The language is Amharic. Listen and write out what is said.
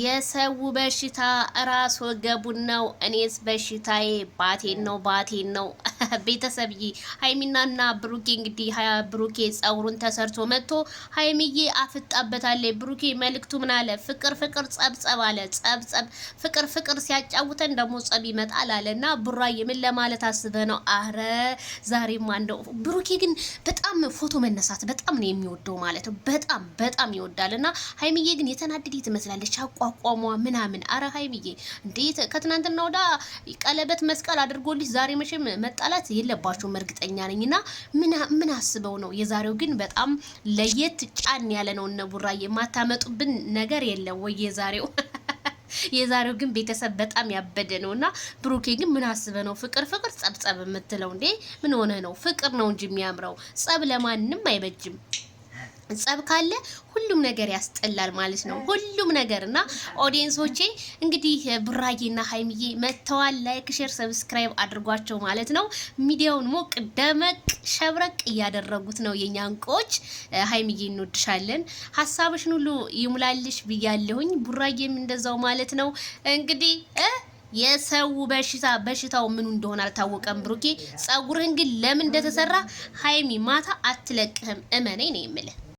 የሰው በሽታ ራስ ወገቡን ነው። እኔስ በሽታዬ ባቴን ነው ባቴን ነው። ቤተሰብዬ ሀይሚናና ብሩኬ እንግዲህ ብሩኬ ጸጉሩን ተሰርቶ መጥቶ ሀይሚዬ አፍጣበታለ። ብሩኬ መልእክቱ ምን አለ? ፍቅር ፍቅር ጸብጸብ አለ። ጸብጸብ ፍቅር ፍቅር ሲያጫውተን ደግሞ ጸብ ይመጣል አለ እና ቡራ የምን ለማለት አስበ ነው? አረ ዛሬማ እንደው ብሩኬ ግን በጣም ፎቶ መነሳት በጣም ነው የሚወደው ማለት ነው። በጣም በጣም ይወዳል እና ሀይሚዬ ግን የተናደደ ትመስላለች። አቋቋሟ ምናምን አረ ሀይሚዬ እንዴት ከትናንትና ወዳ ቀለበት መስቀል አድርጎልሽ ዛሬ መቼም መጣላት መስጠት የለባቸውም እርግጠኛ ነኝ። እና ምን አስበው ነው? የዛሬው ግን በጣም ለየት ጫን ያለ ነው። እነ የማታመጡብን ነገር የለም ወይ የዛሬው የዛሬው ግን ቤተሰብ በጣም ያበደ ነው እና ብሩኬ ግን ምን አስበ ነው ፍቅር ፍቅር ጸብጸብ የምትለው እንዴ? ምን ሆነ ነው? ፍቅር ነው እንጂ የሚያምረው ጸብ ለማንም አይበጅም። ጸብ ካለ ሁሉም ነገር ያስጠላል ማለት ነው። ሁሉም ነገር እና ኦዲየንሶቼ እንግዲህ ብሩኬና ሀይሚዬ መጥተዋል። ላይክ፣ ሼር፣ ሰብስክራይብ አድርጓቸው ማለት ነው። ሚዲያውን ሞቅ ደመቅ ሸብረቅ እያደረጉት ነው የኛ እንቁዎች። ሀይሚዬ እንወድሻለን፣ ሀሳብሽን ሁሉ ይሙላልሽ ብያለሁኝ። ቡራጌም እንደዛው ማለት ነው እንግዲህ የሰው በሽታ በሽታው ምኑ እንደሆነ አልታወቀም። ብሩኬ ጸጉርህን ግን ለምን እንደተሰራ ሀይሚ ማታ አትለቅህም። እመነኝ ነው የምልህ።